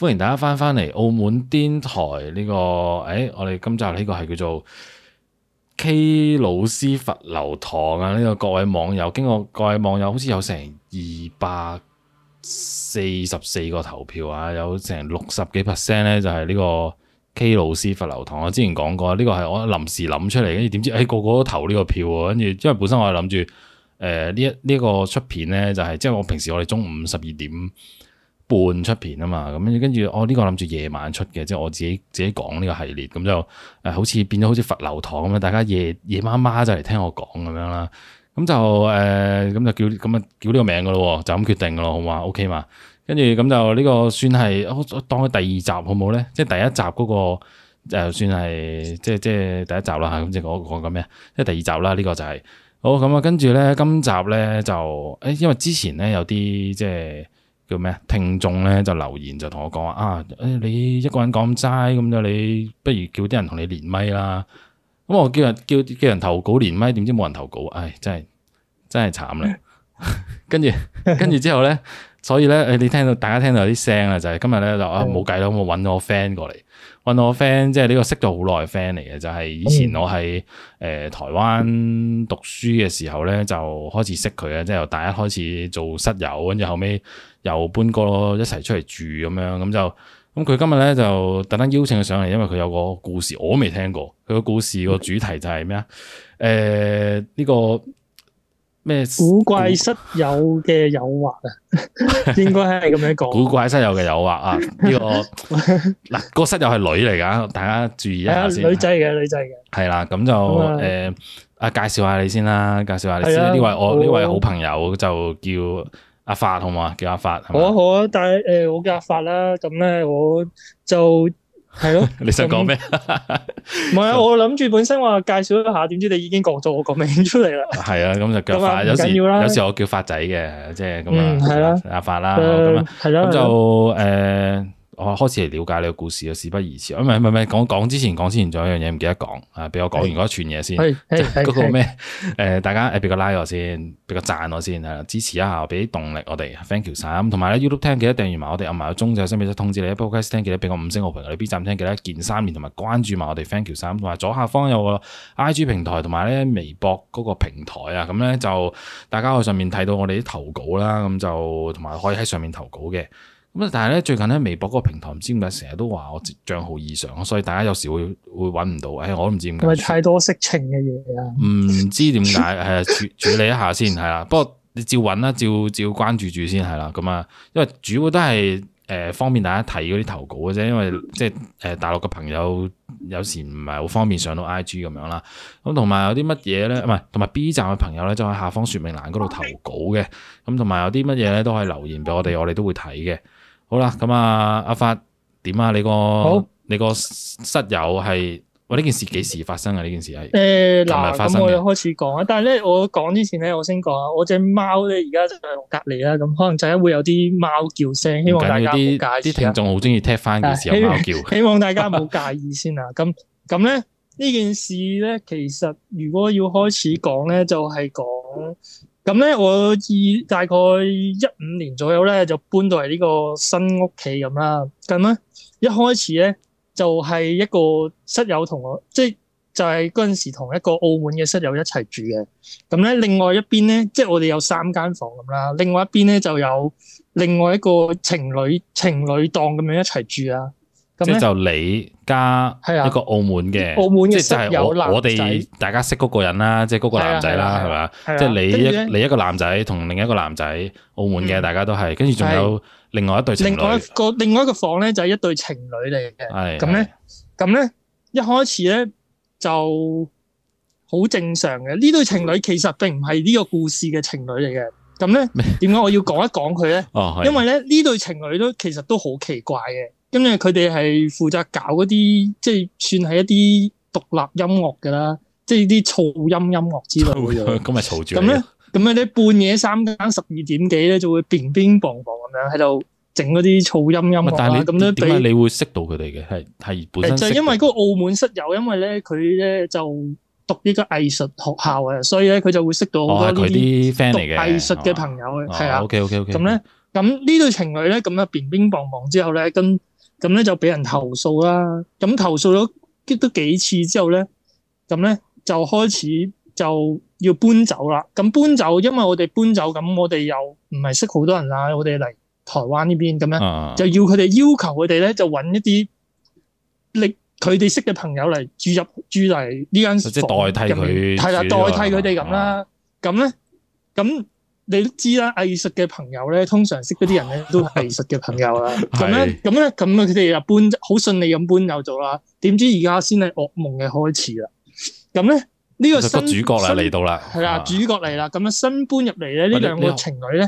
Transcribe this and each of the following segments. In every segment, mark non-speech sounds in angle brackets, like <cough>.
歡迎大家翻返嚟澳門電台呢、這個，誒、哎，我哋今集呢個係叫做 K 老師罰留堂啊！呢、這個各位網友，經過各位網友好似有成二百四十四個投票啊，有成六十幾 percent 咧，就係、是、呢個 K 老師罰留堂。我之前講過，呢、這個係我臨時諗出嚟，跟住點知誒、哎、個個都投呢個票喎、啊，跟住因為本身我係諗住誒呢一呢一個出片咧，就係、是、即係我平時我哋中午十二點。半出片啊嘛，咁跟住我呢個諗住夜晚出嘅，即係我自己自己講呢個系列，咁就誒、呃、好似變咗好似罰留堂咁啊，大家夜夜媽媽就嚟聽我講咁樣啦，咁就誒咁、呃、就叫咁啊叫呢個名噶咯、哦，就咁決定咯，好嘛？O K 嘛？跟住咁就呢個算係、哦、當佢第二集好唔好咧？即係第一集嗰、那個誒、呃、算係即係即係第一集啦吓，咁即係講個咩？即係第二集啦，呢、這個就係、是、好咁啊！跟住咧今集咧就誒，因為之前咧有啲即係。即叫咩？聽眾咧就留言就同我講話啊！誒、哎，你一個人講齋咁樣你，不如叫啲人同你連麥啦。咁我叫人叫叫人投稿連麥，點知冇人投稿。唉、哎，真係真係慘啦。 <laughs> 跟住跟住之後咧，所以咧誒，你聽到大家聽到有啲聲啦，就係、是、今日咧就啊冇計啦，我揾我 friend 過嚟。揾我 friend，即係呢個識咗好耐嘅 friend 嚟嘅，就係、是、以前我喺誒、呃、台灣讀書嘅時候咧，就開始識佢啊，即係由大一開始做室友，跟住後尾又搬過咯，一齊出嚟住咁樣，咁就咁佢今日咧就特登邀請佢上嚟，因為佢有個故事，我都未聽過。佢個故事個主題就係咩啊？誒、呃、呢、這個。咩古怪室友嘅誘惑啊？應該係咁樣講。古怪室友嘅誘惑啊！呢個嗱個室友係女嚟噶大家注意一下先。啊、女仔嘅女仔嘅。係啦、啊，咁就誒啊，啊，介紹下你先啦，介紹下你先。呢、啊、位我呢位好朋友就叫阿發，好嘛？叫阿發。好啊好啊，但係誒、呃，我叫阿發啦。咁咧，我就。係咯， <noise> <laughs> 你想講咩？唔係啊，我諗住本身話介紹一下，點知你已經講咗我個名出嚟 <laughs> <laughs> <noise> 啦。係啊，咁就叫發，有時有陣時我叫發仔嘅，即係咁、嗯、啊，阿發啦，咁啊，咁、啊啊啊、 <noise> <noise> 就誒。呃我開始嚟了解你個故事啊，事不宜遲。唔係唔係唔係，講講之前講之前，仲有一樣嘢唔記得講啊，俾我講完嗰串嘢先。即係嗰個咩？誒，大家俾個 like 我先，俾個讚我先，係啦，支持一下，俾啲動力我哋。Thank you，三。同埋咧，YouTube 聽記得訂閱埋我哋，撳埋個鐘就先俾咗通知你。Podcast 聽記得俾個五星好評。你 B 站聽記得一鍵三連同埋關注埋我哋。Thank you，三。同埋左下方有個 IG 平台，同埋咧微博嗰個平台啊。咁咧就大家喺上面睇到我哋啲投稿啦。咁就同埋可以喺上面投稿嘅。咁但係咧，最近咧，微博嗰個平台唔知點解成日都話我賬號異常，所以大家有時會會揾唔到。誒、欸，我都唔知點解。係咪太多色情嘅嘢啊？唔知點解誒，處 <laughs> 處理一下先係啦。不過你照揾啦，照照關注住先係啦。咁啊，因為主要都係誒、呃、方便大家睇嗰啲投稿嘅啫。因為即係誒、呃、大陸嘅朋友有時唔係好方便上到 I G 咁樣啦。咁同埋有啲乜嘢咧？唔係，同埋 B 站嘅朋友咧，就喺下方說明欄嗰度投稿嘅。咁同埋有啲乜嘢咧，都可以留言俾我哋，我哋都會睇嘅。好啦，咁啊，阿法點啊？你個你個室友係？喂，呢件事幾時發生啊？呢件事係誒，嗱，咁我又開始講啊。但係咧，我講之前咧，我先講啊，我隻貓咧而家就喺隔籬啦。咁可能就係會有啲貓叫聲，希望大家唔好介意。啲聽眾好中意踢翻嘅時候貓叫，希望大家唔好介意先啊。咁咁咧，呢件事咧，其實如果要開始講咧，就係講。咁咧，我二大概一五年左右咧，就搬到嚟呢個新屋企咁啦。咁咧，一開始咧就係、是、一個室友同我，即係就係嗰陣時同一個澳門嘅室友一齊住嘅。咁咧、就是，另外一邊咧，即係我哋有三間房咁啦。另外一邊咧就有另外一個情侶情侶檔咁樣一齊住啊。即就你加一個澳門嘅，即就係我我哋大家識嗰個人啦，即嗰個男仔啦，係嘛？即你一你一個男仔同另一個男仔，澳門嘅大家都係，跟住仲有另外一對情侶，個另外一個房咧就係一對情侶嚟嘅。係咁咧，咁咧一開始咧就好正常嘅。呢對情侶其實並唔係呢個故事嘅情侶嚟嘅。咁咧點解我要講一講佢咧？哦，因為咧呢對情侶都其實都好奇怪嘅。咁咧佢哋係負責搞嗰啲即係算係一啲獨立音樂嘅啦，即係啲噪音音樂之類嘅。咁咪嘈住。咁咧，咁咧半夜三更十二點幾咧，就會便邊磅磅咁樣喺度整嗰啲噪音音樂啦。咁咧點解你會識到佢哋嘅？係係本身。就因為嗰個澳門室友，因為咧佢咧就讀呢個藝術學校啊，所以咧佢就會識到好多呢啲讀藝術嘅朋友嘅。係啦。OK OK OK。咁咧，咁呢對情侶咧，咁啊便邊磅磅之後咧，跟。咁咧就俾人投訴啦，咁投訴咗幾多幾次之後咧，咁咧就開始就要搬走啦。咁搬走，因為我哋搬走，咁我哋又唔係識好多人啦，我哋嚟台灣呢邊咁樣，就要佢哋要求佢哋咧，就揾一啲你佢哋識嘅朋友嚟住入住嚟呢間房間，即係代替佢，係啦，代替佢哋咁啦，咁咧，咁。你都知啦，藝術嘅朋友咧，通常識嗰啲人咧都係藝術嘅朋友啦。咁咧，咁咧，咁佢哋又搬好順利咁搬入咗啦。點知而家先係噩夢嘅開始啦。咁咧。呢個新主角嚟到啦，係啦，主角嚟啦。咁樣新搬入嚟咧，呢兩個情侶咧，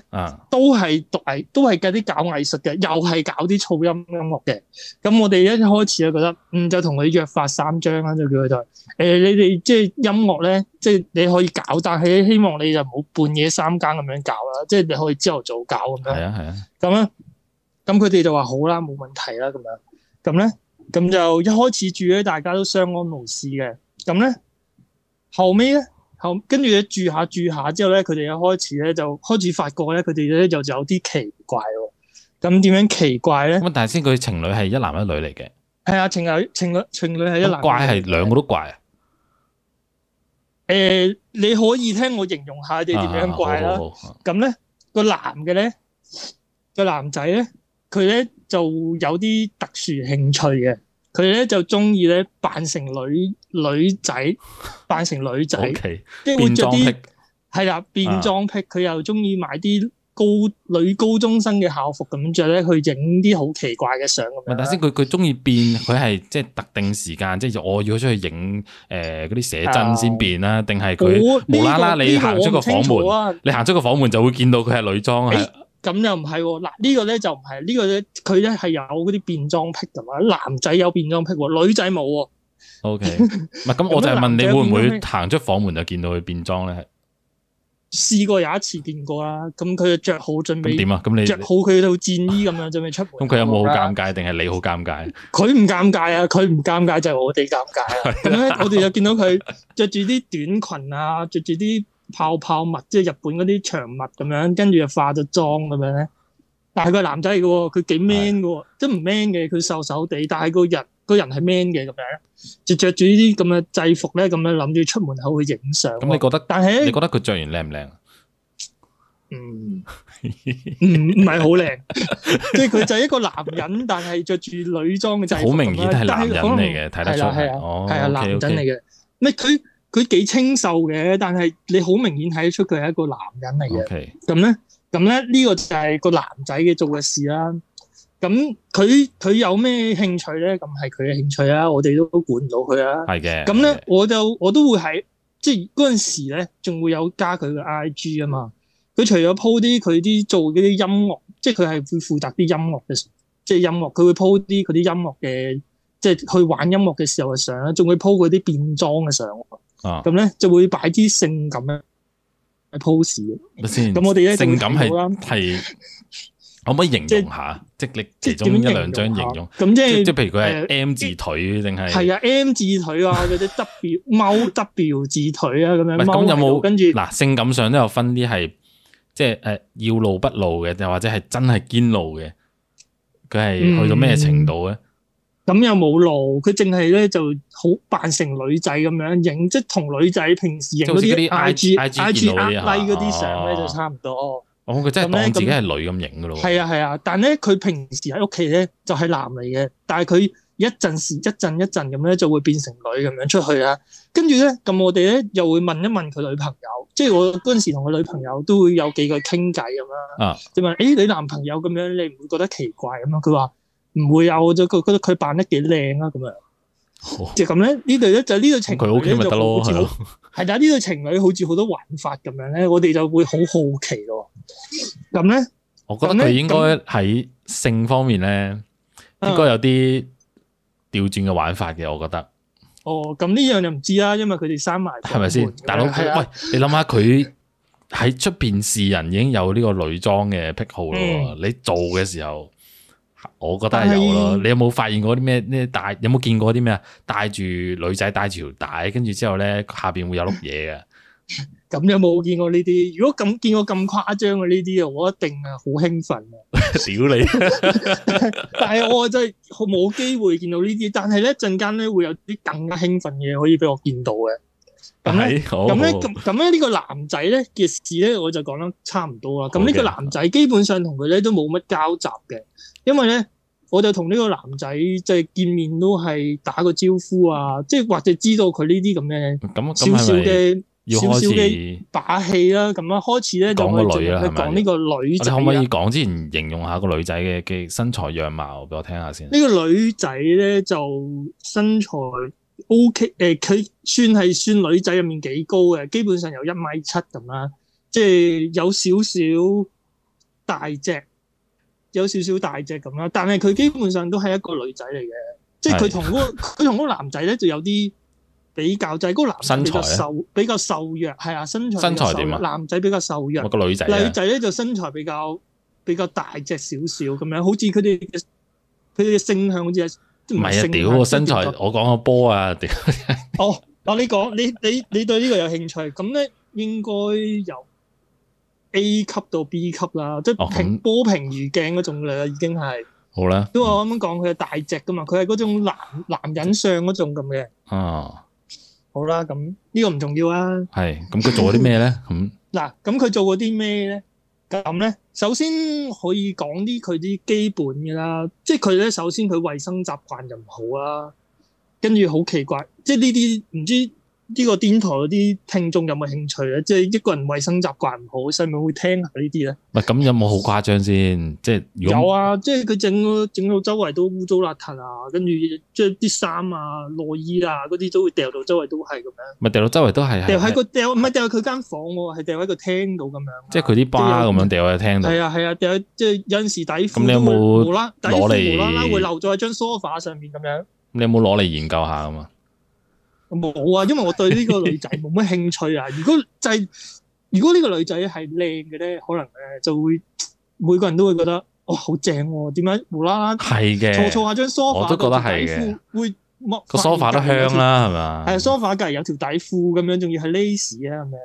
都係讀藝，都係計啲搞藝術嘅，又係搞啲噪音音樂嘅。咁我哋一開始就覺得，嗯，就同佢約法三章啦，就叫佢就誒、是欸，你哋即係音樂咧，即係你可以搞，但係希望你就唔好半夜三更咁樣搞啦，即係你可以朝頭早搞咁樣。係啊，係啊。咁樣，咁佢哋就話好啦，冇問題啦，咁樣。咁咧，咁就一開始住咧，大家都相安無事嘅。咁咧。後尾咧，後跟住咧住下住下之後咧，佢哋又開始咧就開始發覺咧，佢哋咧就就有啲奇怪。哦。咁點樣奇怪咧？咁但係先，佢情侶係一男一女嚟嘅。係啊，情侶情，情侶情侶係一男一女。怪係兩個都怪啊！誒、欸，你可以聽我形容下你哋點樣怪啦、啊。咁咧個男嘅咧個男仔咧，佢咧就有啲特殊興趣嘅。佢咧就中意咧扮成女女仔，扮成女仔，okay, 即係會着啲係啦，變裝癖。佢、啊、又中意買啲高女高中生嘅校服咁着咧去影啲好奇怪嘅相。唔係，等先，佢佢中意變，佢係即係特定時間，即係 <laughs> 我要出去影誒嗰啲寫真先變啦，定係佢無啦啦你行出、這個房門，這個啊、你行出個房門就會見到佢係女裝係？咁又唔係喎，嗱、這、呢個咧就唔係，呢、這個咧佢咧係有嗰啲變裝癖㗎嘛，男仔有變裝癖喎，女仔冇喎。OK，咁，我就係問你，你會唔會行出房門就見到佢變裝咧？試過有一次見過啦，咁佢就着好準備，點啊？咁你着好佢套戰衣咁樣準備出門，咁佢 <laughs> 有冇好尷尬，定係 <laughs> 你好尷尬？佢唔尷尬啊，佢唔尷尬就係我哋尷尬啊！咁咧，我哋就見到佢着住啲短裙啊，着住啲。泡泡襪即係日本嗰啲長襪咁樣，跟住又化咗妝咁樣咧。但係佢男仔嘅喎，佢幾 man 嘅喎，都唔 man 嘅，佢瘦瘦地，但係個人個人係 man 嘅咁樣，就着住呢啲咁嘅制服咧，咁樣諗住出門口去影相。咁你覺得？但係你覺得佢着完靚唔靚啊？嗯，唔唔係好靚，即係佢就係一個男人，但係着住女裝嘅制服。好明顯係男人嚟嘅，睇得出。係啊，係啊，男人嚟嘅。咪佢。佢幾清秀嘅，但係你好明顯睇得出佢係一個男人嚟嘅。咁咧 Okay.，咁咧呢、呢個就係個男仔嘅做嘅事啦。咁佢佢有咩興趣咧？咁係佢嘅興趣啊，我哋都管唔到佢啊。係嘅的。咁咧，okay. 我就我都會喺即係嗰陣時咧，仲會有加佢嘅 I G 啊嘛。佢除咗 po 啲佢啲做嗰啲音樂，即係佢係會負責啲音樂嘅，即係音樂，佢會 po 啲佢啲音樂嘅。即係去玩音樂嘅時候嘅相啦，仲會 po 嗰啲變裝嘅相，咁咧就會擺啲性感嘅 pose。咁我哋咧，性感係係可唔可以形容下？即係其中一兩張形容。咁即係即係譬如佢係 M 字腿定係？係啊，M 字腿啊，嗰啲 W 踎 W 字腿啊，咁樣。咁有冇跟住？嗱，性感上都有分啲係，即係誒要露不露嘅，又或者係真係堅露嘅。佢係去到咩程度咧？咁又冇路，佢淨係咧就好扮成女仔咁樣影，即係同女仔平時影嗰啲 I G I G up like 嗰啲相咧就差唔多。哦，佢真係當自己係女咁影噶咯。係啊係啊，但係咧佢平時喺屋企咧就係、是、男嚟嘅，但係佢一陣時一陣一陣咁咧就會變成女咁樣出去啦、啊。跟住咧咁我哋咧又會問一問佢女朋友，即係我嗰陣時同佢女朋友都會有幾個傾偈咁啦。啊，你問誒、欸、你男朋友咁樣你唔會覺得奇怪咁咯？佢話。唔會有，我就覺覺得佢扮得幾靚啊，咁樣即係咁咧。哦、呢度咧就呢對情侶，佢 OK 咪得咯，係但係呢對情侶好似好多玩法咁樣咧，我哋就會好好奇咯。咁咧，我覺得佢應該喺性方面咧，嗯、應該有啲調轉嘅玩法嘅，我覺得。哦，咁呢樣就唔知啦，因為佢哋生埋，係咪先？大佬，吧喂，你諗下佢喺出邊示人已經有呢個女裝嘅癖好咯，嗯、你做嘅時候。我覺得係有咯，是你有冇發現過啲咩咩帶？有冇見過啲咩啊？戴住女仔戴住條帶，跟住之後咧下邊會有碌嘢嘅。咁 <laughs> 有冇見過呢啲？如果咁見過咁誇張嘅呢啲啊，我一定啊好興奮啊！ <laughs> 屌你， <laughs> <laughs> 但係我就冇機會見到呢啲。但係咧一陣間咧會有啲更加興奮嘅嘢可以俾我見到嘅。咁咧咁咧咁咁咧呢個男仔咧嘅事咧，我就講得差唔多啦。咁呢的個男仔基本上同佢咧都冇乜交集嘅。因為咧，我就同呢個男仔即係見面都係打個招呼啊，即係或者知道佢呢啲咁嘅少少嘅少少嘅把戲啦。咁樣係咪開始咧，就講個女啊，係講呢個女仔，你可唔可以講之前形容下個女仔嘅嘅身材樣貌俾我聽下先？呢個女仔咧就身材 OK，誒、呃，佢算係算女仔入面幾高嘅，基本上有一米七咁啦，即係有少少大隻。有少少大隻咁啦，但係佢基本上都係一個女仔嚟嘅，是的 即係佢同嗰佢同嗰個男仔咧就有啲比較，就係、是、嗰個男生身材瘦，比較瘦弱，係啊，身材身材點啊？男仔比較瘦弱，個女仔呢女仔咧就身材比較比較大隻少少咁樣，好似佢哋佢哋嘅性向好似係唔係啊？屌個身材，我講個波啊！屌哦哦，你講你你你對呢個有興趣？咁咧應該有。A 級到 B 級啦，即係、哦、平波平如鏡嗰種啦，已經係、哦嗯、好啦。都我啱啱講佢係大隻噶嘛，佢係嗰種男男人相嗰種咁嘅。哦、啊，好啦，咁呢個唔重要啊。係，咁佢做過啲咩咧？咁嗱， <laughs> 咁佢做過啲咩咧？咁咧，首先可以講啲佢啲基本嘅啦，即係佢咧，首先佢衛生習慣就唔好啦、啊，跟住好奇怪，即係呢啲唔知。呢個癲台嗰啲聽眾有冇興趣咧？即係一個人衞生習慣唔好，使唔會聽下呢啲咧？唔咁、啊、有冇好誇張先？ <laughs> 即係有啊！即係佢整到整到周圍都污糟邋遢啊，跟住即係啲衫啊、內衣啊嗰啲都會掉到周圍都係咁樣。唔掉到周圍都係，掉喺個掉唔係掉喺佢間房喎、啊，係掉喺個廳度咁樣。即係佢啲疤咁樣掉喺廳度？係啊係啊，掉、啊啊、即係有陣時底褲都無啦啦，底褲無啦啦會留喺張 sofa 上面咁樣。咁你有冇攞嚟研究下啊？冇啊，因為我對呢個女仔冇乜興趣啊。 <laughs> 如果就係、是、如果呢個女仔係靚嘅咧，可能咧就會每個人都會覺得哇好正喎。點解無啦啦坐坐下張梳化， <noise> 我都覺得係嘅。會個梳化都香啦，係咪？係啊、嗯，梳化隔離有條底褲咁樣，仲要係 lace 啊，係咪？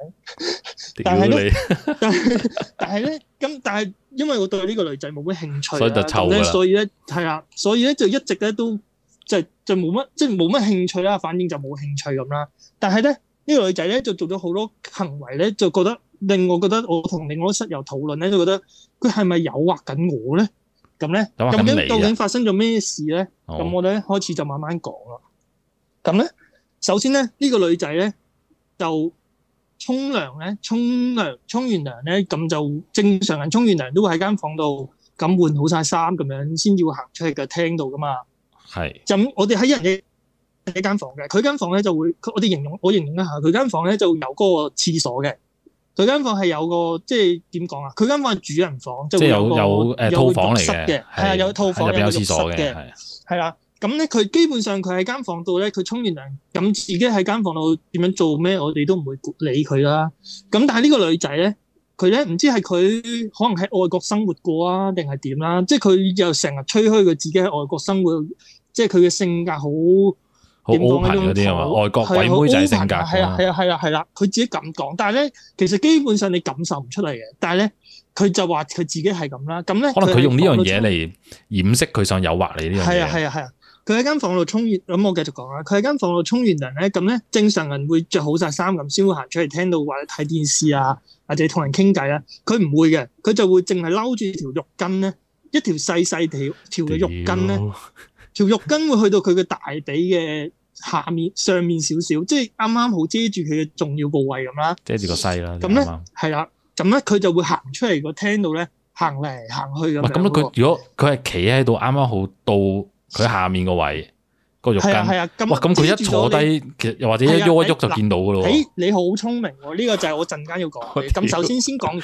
<laughs> 但係你，但係咧，咁但係因為我對呢個女仔冇乜興趣、啊所所，所以就臭啦。所以咧，係啊，所以咧就一直咧都，都。就就冇乜，即係冇乜興趣啦，反應就冇興趣咁啦。但係咧，呢個女仔咧就做咗好多行為咧，就覺得令我覺得我同另外啲室友討論咧，就覺得佢係咪誘惑緊我咧？咁咧，誘惑究竟發生咗咩事咧？咁好我哋咧開始就慢慢講啦。咁咧，首先咧，呢個女仔咧就沖涼咧，沖涼，沖完涼咧，咁就正常人沖完涼都會喺間房度咁換好晒衫咁樣先要行出去嘅廳度噶嘛。係就咁，是我哋喺一人一一間房嘅。佢間房咧就會，我哋形容我形容一下，佢間房咧就有嗰個廁所嘅，佢間房係有個即係點講啊？佢間房係主人房，即係有，有，有個有套房嚟嘅。係啊，有套房有的浴室嘅，係啊，係啦。咁咧，佢基本上佢喺間房度咧，佢沖完涼咁，自己喺間房度點樣做咩？我哋都唔會理佢啦。咁但係呢個女仔咧，佢咧唔知係佢可能喺外國生活過啊，定係點啦？即係佢又成日吹噓佢自己喺外國生活。即係佢嘅性格好，好 open 嗰啲啊嘛，conclusions, 常外國鬼妹仔性格，係啊，係啊，係啦、啊，佢、啊啊啊、自己咁講，但係咧，其實基本上你感受唔出嚟嘅。但係咧，佢就話佢自己係咁啦，咁咧，可能佢用呢樣嘢嚟掩飾佢想誘惑你呢樣嘢。係啊，係啊，係啊，佢喺間房度沖完，咁我繼續講啊，佢喺間房度沖完涼咧，咁咧，正常人會着好晒衫咁，先會行出嚟聽到話睇電視啊，或者同人傾偈啊，佢唔會嘅，佢就會淨係嬲住條浴巾咧，一條細細條條嘅浴巾咧。條浴巾會去到佢嘅大髀嘅下面、上面少少，即係啱啱好遮住佢嘅重要部位咁啦。遮住個細啦。咁咧，係啦好。咁咧，佢就會行出嚟、那個廳度咧，行嚟行去咁。咁咧，佢如果佢係企喺度，啱啱好到佢下面個位、嗰個浴巾。係啊，係啊，咁佢一坐低，其實又或者一喐一喐就見到㗎咯。誒，你好聰明喎、哦！呢、呢個就係我陣間要講。咁 <laughs> 首先先講完，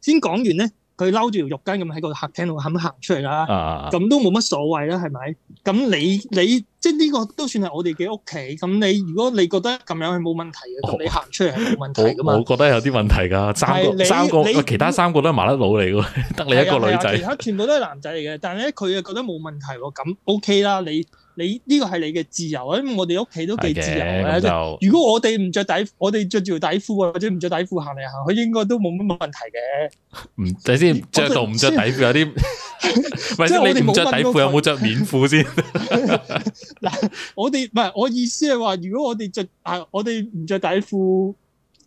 先講完咧。佢嬲住條浴巾咁喺個客廳度肯行出嚟啦，咁、啊、都冇乜所謂啦，係咪？咁你你即係呢個都算係我哋嘅屋企，咁你如果你覺得咁樣係冇問題嘅，哦、你行出嚟係冇問題噶嘛？我我覺得有啲問題噶，三個三個你其他三個都係麻甩佬嚟嘅，得、啊、 <laughs> 你一個女仔、啊啊，其他全部都係男仔嚟嘅，但係咧佢又覺得冇問題喎，咁 OK 啦，你。你呢、這個係你嘅自由，因為我哋屋企都幾自由嘅。的就是、如果我哋唔着底，我哋著住條底褲啊，或者唔着底褲行嚟行去，應該都冇乜問題嘅。唔，你先着到唔着底褲有啲，或者你哋唔着底褲有冇着棉褲先？嗱，我哋唔係我意思係話，如果我哋著，我哋唔着底褲。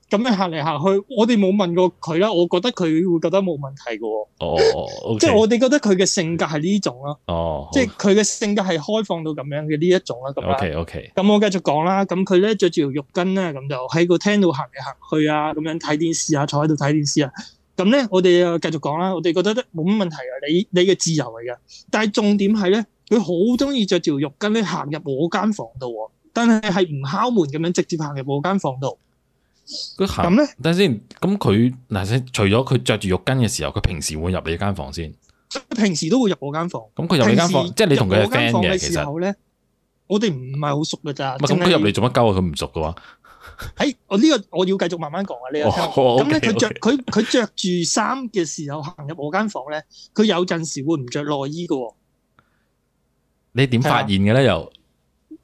咁樣行嚟行去，我哋冇問過佢啦。我覺得佢會覺得冇問題嘅喎、哦，oh, okay. 即係我哋覺得佢嘅性格係呢種啦，oh, okay. 即係佢嘅性格係開放到咁樣嘅呢一種啦。咁啊，咁 Okay, okay. 我繼續講啦。咁佢咧着住條浴巾咧，咁就喺個廳度行嚟行去啊，咁樣睇電視啊，坐喺度睇電視啊。咁咧我哋啊繼續講啦。我哋覺得冇乜問題啊，你你嘅自由嚟噶。但係重點係咧，佢好中意着條浴巾咧行入我間房度，但係係唔敲門咁樣直接行入我間房度。咁咧，等先。咁佢嗱，除咗佢着住浴巾嘅時候，佢平時會入你間房先。佢平時都會入我間房。咁佢入你間房，即係你同佢 friend 嘅，其實。我哋唔係好熟噶咋。咁佢入嚟做乜鳩啊？佢唔熟嘅話。誒我呢個，我要繼續慢慢講啊。你咁咧，佢着佢佢着住衫嘅時候行入我間房咧，佢有陣時會唔着內衣噶。你點發現嘅咧？又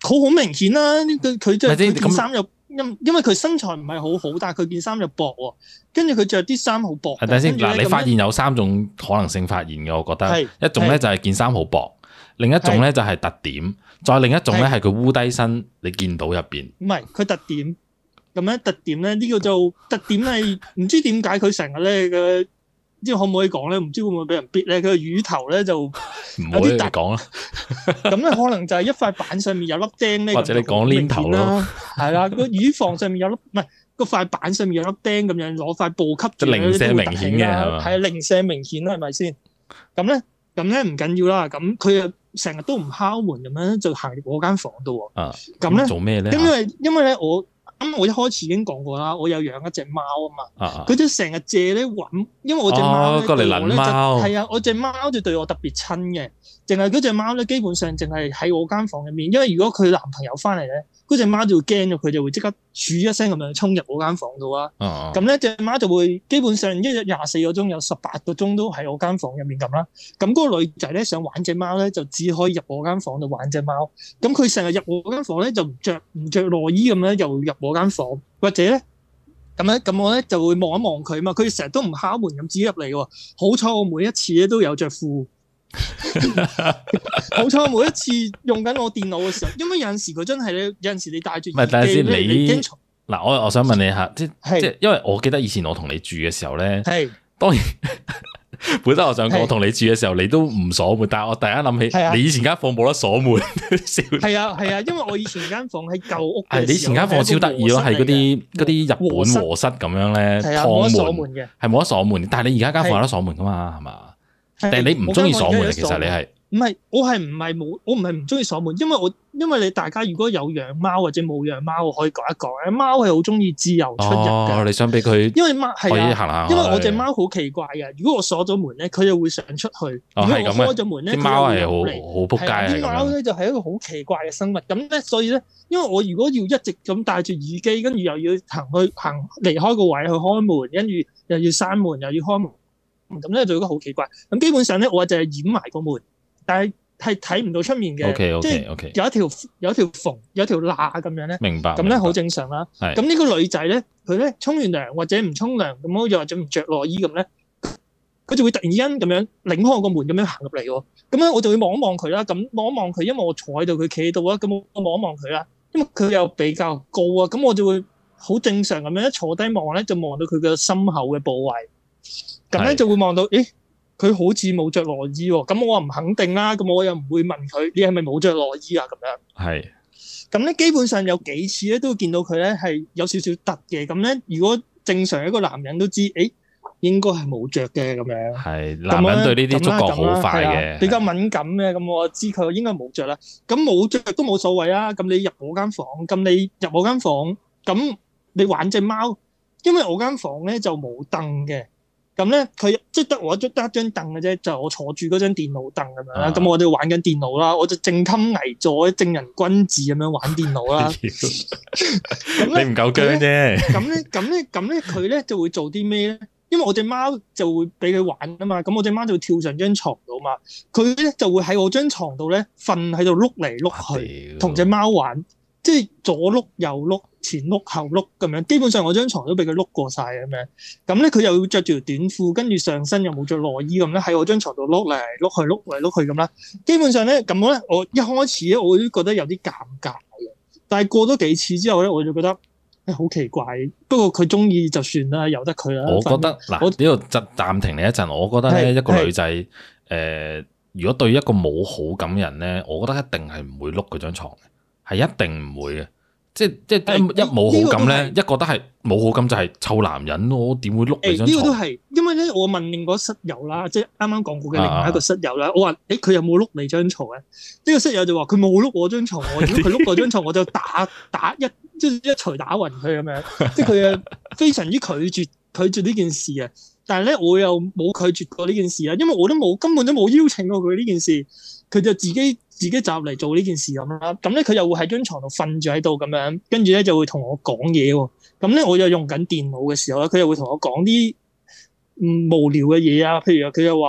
好好明顯啦，佢佢即係咁衫入。因因為佢身材唔係好好，但係佢件衫又薄喎，跟住佢着啲衫好薄。係等先等嗱，你發現有三種可能性發現嘅，我覺得。係是一種咧是就係件衫好薄，另一種咧是就係特點，再另一種咧係佢烏低身，你見到入邊。唔係佢特點咁樣，特點咧呢、呢個就特點係唔知點解佢成日咧嘅。 <laughs> 唔知你可唔可以講咧？唔知會唔會俾人逼咧？佢個乳頭咧就唔好特講啦。咁咧可， <laughs> 可能就係一塊板上面有粒釘咧，或者你講奶頭咯，係 <laughs> 啦。個乳房上面有粒，唔係個塊板上面有粒釘咁樣，攞塊布吸就零舍明顯嘅係嘛？零舍明顯係係啦，係咪先？咁咧，咁咧唔緊要啦。咁佢又成日都唔敲門咁樣就行入嗰間房度喎。啊，咁咧做咩咧、啊？因為因為咧我。咁、嗯、我一開始已經講過啦，我有養一隻貓啊嘛，佢、啊、就成日借咧揾，因為我隻貓咧、哦、對我，係貓啊，我隻貓就對我特別親嘅，淨係嗰隻隻貓咧，基本上淨係喺我間房入面，因為如果佢男朋友返嚟咧。嗰隻貓就會驚咗，佢就會即刻噓一聲咁樣衝入我間房度啊！咁咧隻貓就會基本上一日廿四個鐘有十八個鐘都喺我間房入面咁啦。咁嗰個女仔咧想玩隻貓咧，就只可以入我間房度玩隻貓。咁佢成日入我間房咧就唔着唔着內衣咁樣又入我間房，或者咁咧，咁我咧就會望一望佢啊嘛。佢成日都唔敲門咁自己入嚟喎。好彩我每一次咧都有着褲。冇錯，每一次用緊我電腦嘅時候，因為有陣時佢真係咧，有陣時你帶住唔係，等下先，你嗱，我我想問你一下，即係即係因為我記得以前我同你住嘅時候咧，係當然本身我想講我同你住嘅時候，你都唔鎖門，但係我突然間諗起，你以前間房冇得鎖門。係啊係啊，因為我以前間房喺舊屋，係你以前間房超得意咯，係嗰啲啲日本和室咁樣咧，係冇得鎖門嘅，係冇得鎖門，但係你而家間房有得鎖門噶嘛，係嘛？但係你唔中意鎖門，鎖，其實你係唔係？我係唔係冇？我唔係唔中意鎖門，因為我因為你，大家如果有養貓或者冇養貓，我可以講一講。貓係好中意自由出入嘅。哦，你想俾佢？因為貓係可以啊，走走，因為我隻貓好奇怪嘅。如果我鎖咗門咧，佢又會想出去。哦，係咁嘅。啲貓係好好撲街。啲貓咧就係、啊、一個好奇怪嘅生物。咁咧，所以咧，因為我如果要一直咁戴住耳機，跟住又要行去行離開個位去開門，跟住又要閂門又要開門。咁咧，就覺得好奇怪。咁基本上咧，我就係掩埋個門，但係係睇唔到出面嘅。OK OK OK，有一條有一條縫，有一條罅咁樣咧。明白。咁咧，好正常啦。係白。咁呢個女仔咧，佢咧沖完涼或者唔沖涼，咁樣又或者唔着內衣咁咧，佢就會突然間咁樣擰開個門咁樣行入嚟喎。咁樣我就會望一望佢啦。咁望一望佢，因為我坐喺度，佢企喺度啊。咁我望一望佢啦，因為佢又比較高啊。咁我就會好正常咁樣一坐低望咧，就望到佢嘅心口嘅部位。咁咧就會望到，誒，佢好似冇著內衣喎。咁我唔肯定啦，咁我又唔會問佢，你係咪冇著內衣啊？咁樣。係。咁咧基本上有幾次咧，都會見到佢咧係有少少突嘅。咁咧，如果正常一個男人都知，誒，應該係冇著嘅咁樣。係。男人對呢啲觸覺好快嘅，比較敏感嘅，咁我知佢應該冇著啦。咁冇著都冇所謂啊。咁你入我間房，咁你入我間房，咁你玩隻貓，因為我間房咧就冇凳嘅。咁咧，佢即係得我得得一張凳嘅啫，就我坐住嗰張電腦凳咁樣啦。咁我哋玩緊電腦啦，我就正襟危坐，正人君子咁樣玩電腦啦。你唔夠僵啫。咁咧，咁咧，咁咧，佢咧就會做啲咩咧？因為我隻貓就會俾佢玩啊嘛。咁我隻貓就會跳上張床度嘛。佢咧就會喺我張床度咧瞓喺度碌嚟碌去，同隻貓玩。 <laughs> 即係左碌右碌前碌後碌咁樣，基本上我張床都俾佢碌過晒咁樣。咁咧佢又要着住條短褲，跟住上身又冇着內衣咁樣，喺我張床度碌嚟碌去碌嚟碌去咁啦。基本上咧咁咧，我一開始咧我都覺得有啲尷尬。但係過多幾次之後咧，我就覺得好奇怪。不過佢中意就算啦，由得佢啦我。我覺得嗱，呢度暫暫停你一陣。我覺得咧一個女仔誒、呃，如果對一個冇好感人咧，我覺得一定係唔會碌嗰張床。係一定唔會嘅，即係即係一冇好感咧，欸這個、一個都係冇好感就係臭男人，我點會碌你呢、欸這個都係，因為咧我問另個室友啦，即係啱啱講過嘅另外一個室友啦，啊、我話誒佢有冇碌你張床咧？呢、這個室友就話佢冇碌我張床，如果佢碌我張床， <laughs> 我就打打一即係一錘打暈佢咁樣，即係佢啊非常之拒絕拒絕呢件事啊！但係咧我又冇拒絕過呢件事啊，因為我都冇根本都冇邀請過佢呢件事。佢就自己自己集嚟做呢件事咁啦，咁咧佢又會喺張床度瞓住喺度咁樣，跟住咧就會同我講嘢喎。咁咧我又用緊電腦嘅時候咧，佢又會同我講啲嗯無聊嘅嘢啊。譬如佢又話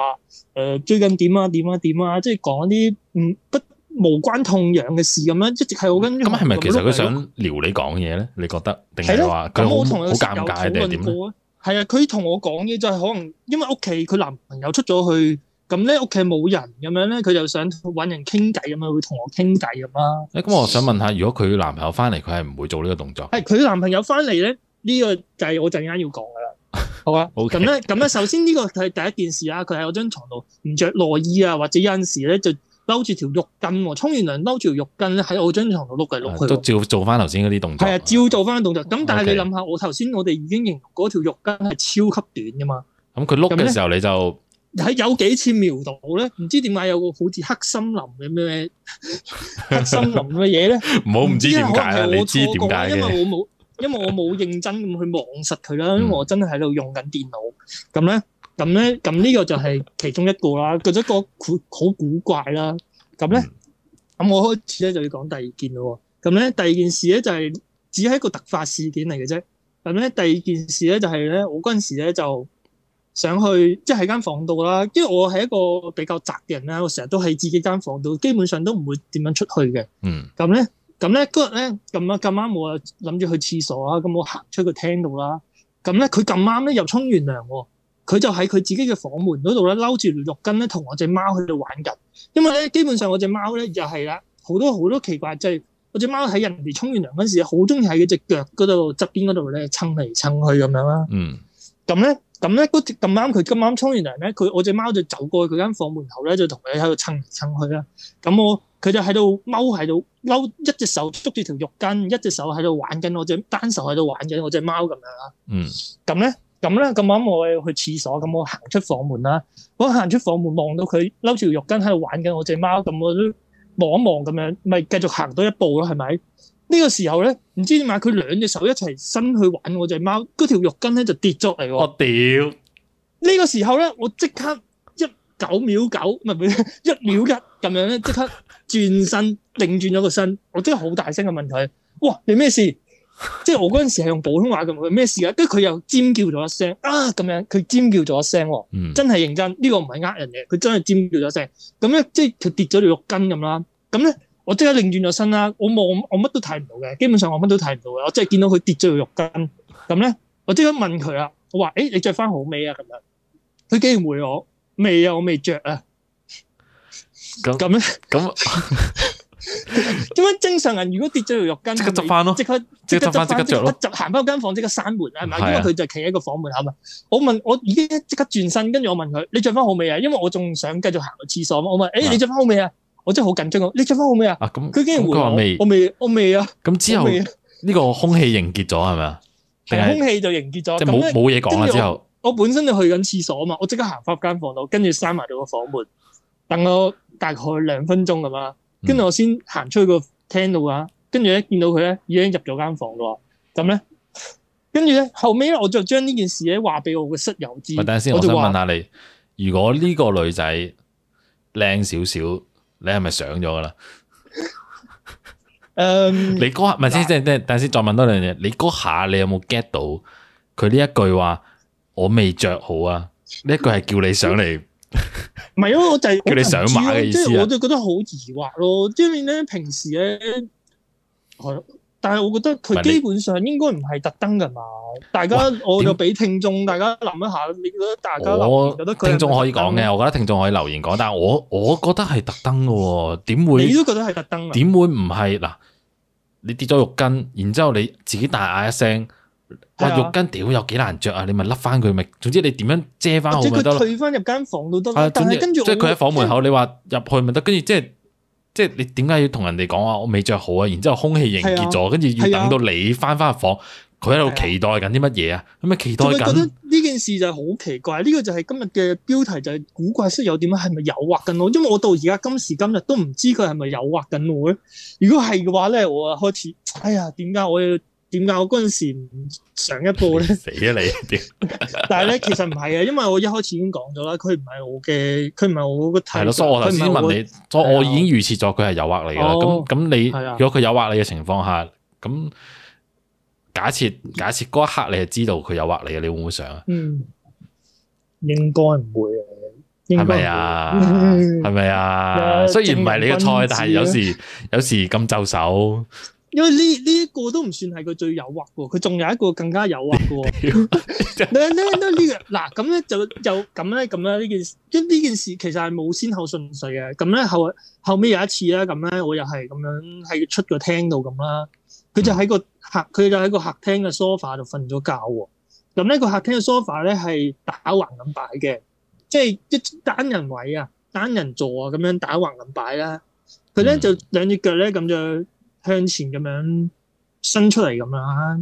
誒最近點啊點啊點啊，即係講啲嗯不，不無關痛癢嘅事咁樣，一直係好跟。咁係咪其實佢想撩你講嘢咧？你覺得定係話佢好好尷尬定係點啊？係啊，佢同我講嘢就係可能因為屋企佢男朋友出咗去。咁咧屋企冇人，咁樣咧佢就想搵人傾偈，咁樣會同我傾偈咁啦。誒、欸，咁我想問下，如果佢男朋友翻嚟，佢係唔會做呢個動作？係佢男朋友翻嚟咧，呢、這個就係我陣間要講噶啦。好啊。好。 <laughs> 咁咧，咁咧，首先呢個係第一件事啊。佢喺我張床度唔着內衣啊，或者有陣時咧就撈住條浴巾，沖完涼撈住條浴巾喺我張床度碌嚟碌去。都照做翻頭先嗰啲動作。係 <laughs> 啊，照做翻動作。咁但係你諗下，Okay. 我頭先我哋已經認嗰條浴巾係超級短噶嘛。咁佢碌嘅時候你就。 <laughs> 你就喺有幾次瞄到咧，唔知點解有個好似黑森林嘅咩黑森林嘅嘢，咧，唔好唔知點解啊！你知點解？因為我冇 <laughs> 因為我冇認真咁去望實佢啦，因為我真係喺度用緊電腦咁咧，咁咧咁呢個就係其中一個啦，覺得個好古怪啦。咁咧咁我開始咧就要講第二件咯。咁咧第二件事咧就係只係一個突發事件嚟嘅啫。咁咧第二件事咧就係咧我嗰陣時咧就。上去即係間房度啦，因為我係一個比較宅嘅人咧，我成日都喺自己間房度，基本上都唔會點樣出去嘅。嗯，咁咧，咁咧嗰咧咁啊咁啱，我諗住去廁所啊，咁我行出個廳度啦。咁咧佢咁啱咧又沖完涼喎，佢就喺佢自己嘅房門嗰度咧，撈住條浴巾咧，同我隻貓喺度玩緊。因為咧，基本上我隻貓咧就係啦，好多好多奇怪，就係、是、我隻貓喺人哋沖完涼嗰時，好中意喺佢隻腳嗰度側邊嗰度咧蹭嚟蹭去咁樣啦。嗯，咁咧。咁咧，嗰咁啱佢今啱沖完涼咧，佢我隻貓就走過去佢間房門口咧，就同佢喺度蹭嚟蹭去啦。咁我佢就喺度踎喺度嬲，一隻手捉住條浴巾，一隻手喺度玩緊我隻單手喺度玩緊我隻貓咁樣啦。嗯。咁咧，咁咧，咁啱我去廁所，咁我行出房門啦。我行出房門望到佢嬲住條浴巾喺度玩緊我隻貓，咁我都望一望咁樣，咪繼續行多一步咯，係咪？呢個時候咧，唔知點解佢兩隻手一齊伸去玩我隻貓，嗰 <noise> 條肉筋咧就跌咗嚟我哦，屌！呢 <noise> 個時候咧，我即刻一九秒九，唔係唔係一秒一咁樣咧，即刻轉身擰轉咗個身，我真係好大聲咁問佢：哇，你咩事？即係我嗰陣時係用普通話咁問咩事啊？跟住佢又尖叫咗一聲啊！咁樣，佢尖叫咗一聲，啊一聲嗯、真係認真，呢、呢個唔係呃人嘅，佢真係尖叫咗一聲。咁咧，即係佢跌咗條肉筋咁啦。咁咧。我即刻擰轉咗身啦，我望我乜都睇唔到嘅，基本上我乜都睇唔到嘅。我即係見到佢跌咗條浴巾，咁咧我即刻問佢啦，我話，誒你着翻好未啊？咁樣，佢竟然回我，未啊，我未着啊。咁咧，咁點解正常人如果跌咗條浴巾，即刻執翻咯，即刻即刻執翻，即刻著咯，就行翻個間房，即刻閂門啊，係咪？因為佢就企喺個房門下嘛。我問我已經即刻轉身，跟住我問佢，你著翻好未啊？因為我仲想繼續行去廁所。我問，誒你著翻好未啊？我真係好緊張啊！你着翻好未啊？咁、嗯，佢、嗯、竟然回我未沒？我未，我未啊！咁之後呢個空氣凝結咗係咪啊？空氣就凝結咗，即係冇冇嘢講啦。之後，後我，我本身就去緊廁所啊嘛，我即刻行返間房度，跟住閂埋咗個房門，等我大概兩分鐘咁嘛。跟住我先行出去個廳度啊，跟住咧見到佢咧已經入咗間房㗎喎。咁咧，跟住咧後尾咧，我就將呢件事咧話俾我嘅室友知。等先等，我想問下你，如果呢個女仔靚少少？你係咪上咗噶啦？嗯，你嗰下咪先，即係即係，但係先再問多兩嘢。你嗰下你有冇 get 到佢呢一句話？我未着好啊！呢一句係叫你上嚟，唔係啊，我就係叫你上馬嘅意思。我就覺得好疑惑咯，因為咧平時咧，我。但係我覺得佢基本上應該唔係特登㗎嘛。大家哇我又俾聽眾大家諗一下，你覺得大家諗有得聽眾可以講嘅，我覺得聽眾可以留言講，但係我我覺得係特登㗎喎，點會？你都覺得係特登，點會唔係嗱？你跌咗浴巾，然之後你自己大嗌一聲，話浴巾屌有幾難着啊！你咪甩翻佢咪，總之你點樣遮翻好咪得咯？退翻入間房度得，但係跟住即係佢喺房門口，即你話入去咪得？跟住即係。即係你點解要同人哋講話我未着好啊？然之後空氣凝結咗，跟住、啊、要等到你翻翻房，佢喺度期待緊啲乜嘢啊？咁啊期待緊呢件事就好奇怪，呢、這個就係今日嘅標題就係古怪室友點樣，係咪誘惑緊我？因為我到而家今時今日都唔知佢係咪誘惑緊我咧。如果係嘅話咧，我開始，哎呀，點解我要？點解我嗰陣時唔上一步咧？死咗你！但係咧，其實唔係啊，因為我一開始已經講咗啦，佢唔係我嘅，佢唔係我個 type。係咯，所以我頭先問你，我已經預設咗佢係誘惑你㗎啦。咁咁、哦，你的如果佢誘惑你嘅情況下，咁假設假設嗰一刻你係知道佢誘惑你嘅，你會唔會上、嗯、 <laughs> 啊？應該唔會啊？係咪啊？係咪啊？雖然唔係你嘅菜，但係有時 <laughs> 有時咁就手。因為呢呢一個都唔算係佢最誘惑喎，佢仲有一個更加誘惑嘅喎。嗱嗱呢個，嗱咁咧就就咁咧咁咧呢件事，即係呢件事其實係冇先後順序嘅。咁咧後後尾有一次咧，咁咧我又係咁樣喺出個廳度咁啦。佢就喺個客，佢就喺個客廳嘅 sofa 度瞓咗覺喎。咁咧呢個客廳嘅 sofa 咧係打橫咁擺嘅，即係一單人位啊，單人座啊咁樣打橫咁擺啦。佢咧就兩隻腳咧咁就～向前咁樣伸出嚟咁啦，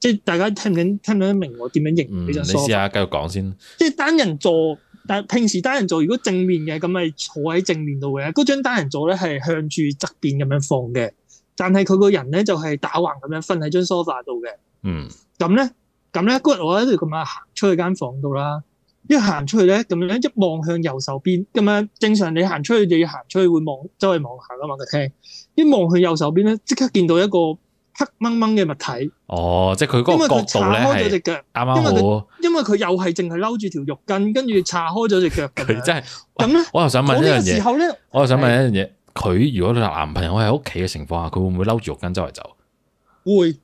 即係大家聽唔聽聽唔聽得明我點樣形容呢張梳化？嗯，你試下繼續講先。即係單人座，但平時單人座如果正面嘅，咁咪坐喺正面度嘅。嗰張單人座咧係向住側邊咁樣放嘅，但係佢個人咧就係打橫咁樣瞓喺張梳化度嘅。嗯，咁咧，咁咧，嗰日我喺度咁樣行出去間房度啦。一行出去咧，咁樣一望向右手邊咁樣，正常你行出去就要行出去，會望周圍望下噶嘛。佢聽一望向右手邊咧，即刻見到一個黑掹掹嘅物體。哦，即係佢嗰個角度咧係啱啱好。因為佢又係淨係攬住條浴巾，跟住叉開咗隻腳。佢真係咁咧。我又想問一樣嘢。好多時候咧，我又想問一樣嘢。佢、欸、如果佢男朋友喺屋企嘅情況下，佢會唔會攬住浴巾周圍走？會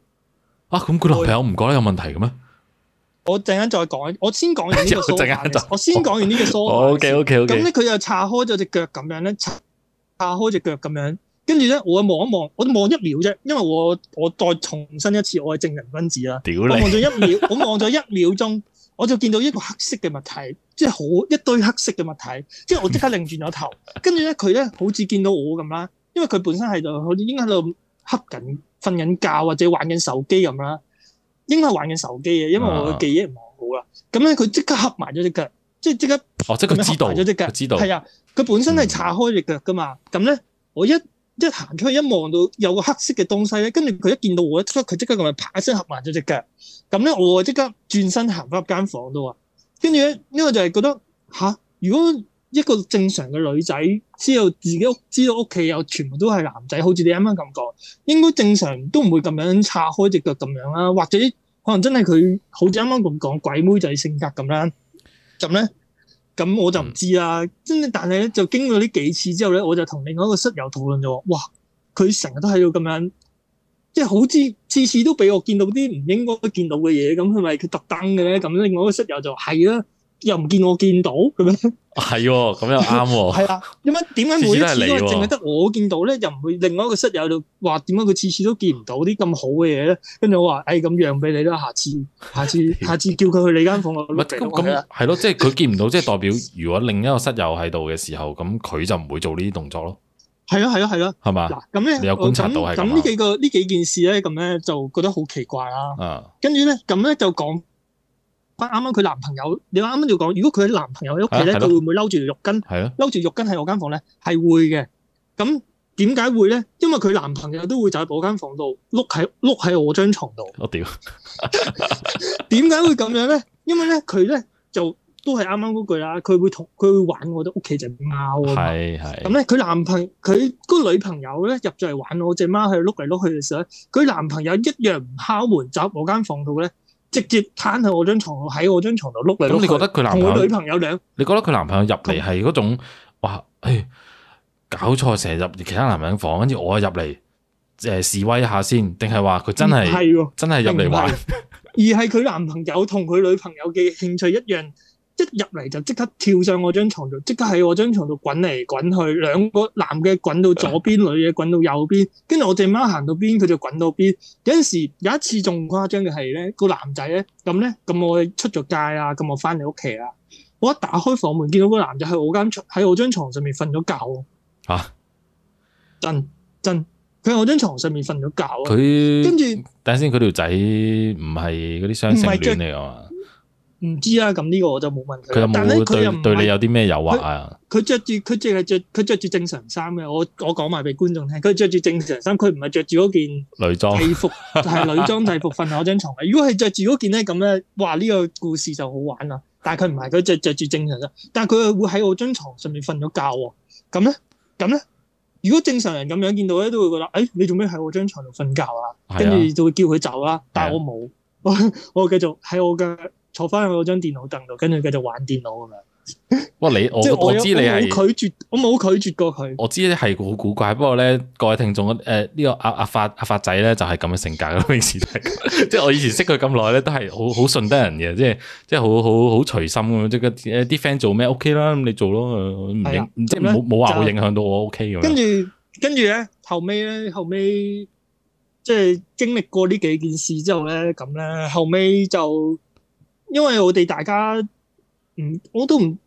啊，咁佢男朋友唔覺得有問題嘅咩？我陣間再講，我先講完呢個梳化。我先講完呢個梳化。OK OK OK。咁咧佢又叉開咗隻腳咁樣咧，叉開隻腳咁樣。跟住咧，我望一望，我都望一秒啫，因為我我再重申一次，我係正人君子啦。 <laughs> 我望咗一秒，我望咗一秒鐘， <laughs> 我就見到一個黑色嘅物體，即係好一堆黑色嘅物體。即係我即刻擰轉咗頭，跟住咧佢咧好似見到我咁啦，因為佢本身係度，好似應該喺度瞌緊、瞓緊覺或者玩緊手機咁啦。應該係玩緊手機嘅，因為我嘅記憶唔好啦。咁咧佢即刻合埋咗隻腳，即係即刻哦，即佢知道，合咗隻腳，知道係啊。佢本身係叉開隻腳噶嘛。咁咧我一一行出去一望到有個黑色嘅東西咧，跟住佢一見到我一出，佢即刻咁樣啪一聲合埋咗隻腳。咁咧我即刻轉身行翻入間房度啊。跟住咧呢個就係覺得吓，如果。一個正常嘅女仔之後自己屋知道屋企又全部都係男仔，好似你啱啱咁講，應該正常都唔會咁樣拆開隻腳咁樣啦。或者可能真係佢好似啱啱咁講鬼妹仔性格咁啦。咁咧咁我就唔知啦。真但係咧就經過呢幾次之後咧，我就同另外一個室友討論咗。哇！佢成日都喺度咁樣，即係好似次次都俾我見到啲唔應該見到嘅嘢。咁佢咪佢特登嘅咧？咁另外一個室友就係啦。又唔見我見到咁樣，係喎，咁又啱喎，係啊，點解，點解每一次，每次都淨係、啊、得我見到咧？又唔會另外一個室友就話點解佢次次都見唔到啲咁好嘅嘢咧？跟住我話，哎，咁讓俾你啦，下次，下次，下次叫佢去你間房攞嚟係咯，即係佢見唔到，即係代表如果另一個室友喺度嘅時候，咁佢就唔會做呢啲動作咯。係咯、啊，係咯， <laughs> <laughs> 係咯，係嘛？嗱，咁咧你有觀察到係咁。呢幾個呢幾件事咧，咁咧就覺得好奇怪啦、啊。跟住咧，咁咧就講。啱啱佢男朋友，你話啱啱就講，如果佢男朋友喺屋企咧，佢、啊啊、會唔會嬲住條浴巾？係咯、啊，嬲住浴巾喺我間房咧，係會嘅。咁點解會咧？因為佢男朋友都會就喺我間房度碌喺碌喺我張床度。我屌 <laughs> <laughs> 點解會咁樣咧？因為咧佢咧就都係啱啱嗰句啦，佢會同佢會玩我哋屋企隻貓啊嘛。係係是。咁咧佢男朋友佢個女朋友咧入咗嚟玩我隻貓喺度碌嚟碌去嘅時候，佢男朋友一樣唔敲門，走我間房度咧。直接攤喺我張床度，喺我張床度碌你。咁你覺得佢男朋友同女朋友兩？你覺得佢男朋友入嚟係嗰種哇？誒、哎、搞錯成日入其他男人房，跟住我入嚟誒示威一下先，定係話佢真係的真係入嚟玩？而係佢男朋友同佢女朋友嘅興趣一樣。一入嚟就即刻跳上我張床度，即刻喺我張床度滾嚟滾去。兩個男嘅滾到左邊，女嘅滾到右邊。跟住我隻貓行到邊，佢就滾到邊。有陣時，有一次仲誇張嘅係咧，個男仔咧，咁咧，咁我出咗街啊，咁我翻嚟屋企啦。我一打開房門，見到個男仔喺我間床，喺我張床上面瞓咗覺吓？啊、震震，佢喺我張床上面瞓咗覺啊！佢跟住等下先，佢條仔唔係嗰啲雙性戀嚟啊！唔知啊，咁呢個我就冇問佢。佢又冇對，對你有啲咩誘惑啊？佢着住佢淨係著佢著住正常衫嘅，我我講埋俾觀眾聽，佢着住正常衫，佢唔係着住嗰件女裝制服，就係 <laughs> 女裝制服瞓喺我張床。嘅。如果係着住嗰件咧，咁咧話呢哇、呢個故事就好玩啦。但係佢唔係，佢着著住正常嘅，但係佢會喺我張床上面瞓咗覺喎。咁咧，咁咧，如果正常人咁樣見到咧，都會覺得誒、欸，你做咩喺我張床度瞓覺啊？跟住、啊、就會叫佢走啦。但係我冇，我、啊、 <laughs> 我繼續喺我嘅。坐翻去嗰張電腦凳度，跟住繼續玩電腦咁樣。哇！你我我，我知你係拒絕，我冇拒絕過佢。我知咧係好古怪，不過咧各位聽眾誒呢、呃呢個阿、啊、阿、啊啊、發阿、啊、發仔咧就係咁嘅性格嘅，即係我以前識佢咁耐咧都係好好順得人嘅，即係即係好好好隨心咁即係啲 friend 做咩 OK 啦，咁你做咯，唔影的即係冇冇話好影響到我 OK 咁。跟住跟住咧後尾咧後尾，即係經歷過呢幾件事之後咧咁咧後尾就。因為我哋大家唔，我都唔，誒、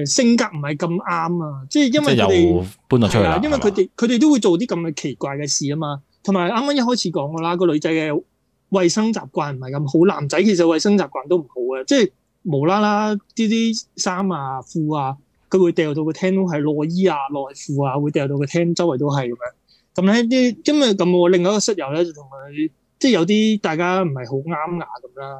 呃、性格唔係咁啱啊！即係因為搬落出去，因為佢哋佢哋都會做啲咁嘅奇怪嘅事啊嘛。同埋啱啱一開始講嘅啦，個女仔嘅衛生習慣唔係咁好，男仔其實衛生習慣都唔好嘅，即係無啦啦啲啲衫啊褲啊，佢會掉到個廳都係內衣啊內褲啊，會掉到個廳周圍都係咁樣。咁咧啲因為咁，我另外一個室友咧就同佢，即係有啲大家唔係好啱牙咁啦。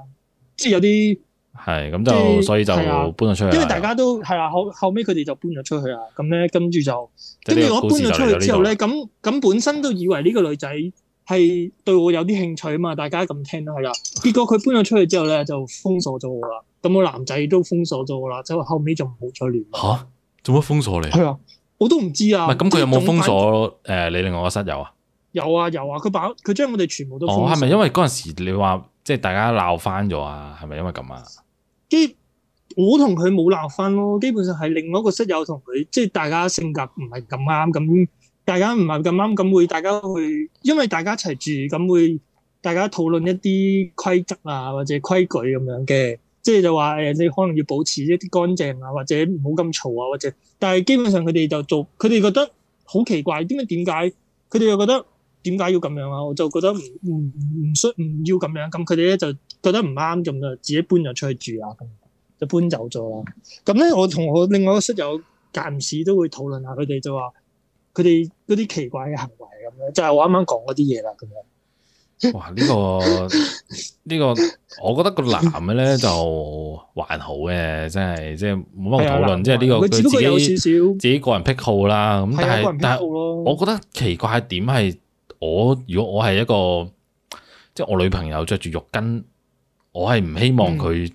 即係有啲係咁就，所以就搬咗出去。因為大家都係啊，後後尾佢哋就搬咗出去啊。咁咧跟住就，跟住我搬咗出去之後咧，咁咁本身都以為呢個女仔係對我有啲興趣啊嘛。大家咁聽都係啦。結果佢搬咗出去之後咧，就封鎖咗我啦。咁個男仔都封鎖咗我啦。之後後尾就冇再聯絡。吓，做乜封鎖你？係啊，我都唔知啊。咁佢有冇封鎖誒？你另外個室友啊？有啊有啊，佢把佢將我哋全部都封。係咪因為嗰陣時你話？即係大家鬧翻咗啊？係咪因為咁啊？啲我同佢冇鬧翻咯，基本上係另外一個室友同佢，即係大家性格唔係咁啱，咁大家唔係咁啱，咁會大家去，因為大家一齊住，咁會大家會討論一啲規則啊，或者規矩咁樣嘅，即係就話誒，你可能要保持一啲乾淨啊，或者唔好咁嘈啊，或者，但係基本上佢哋就做，佢哋覺得好奇怪，點解點解佢哋又覺得？點解要咁樣啊？我就覺得唔唔需唔要咁樣，咁佢哋咧就覺得唔啱，咁就自己搬咗出去住啊，咁就搬走咗啦。咁咧，我同我另外一個室友間唔中都會討論下佢哋就話，佢哋嗰啲奇怪嘅行為咁樣，就係、是、我啱啱講嗰啲嘢啦。咁樣，哇！呢個呢個，這個、我覺得個男嘅咧就還好嘅，真係即係冇乜討論，即係呢個佢自己有少少，自己個人癖好啦。咁但係但係，我覺得奇怪點係。我如果我係一個，即係我女朋友着住浴巾，我係唔希望佢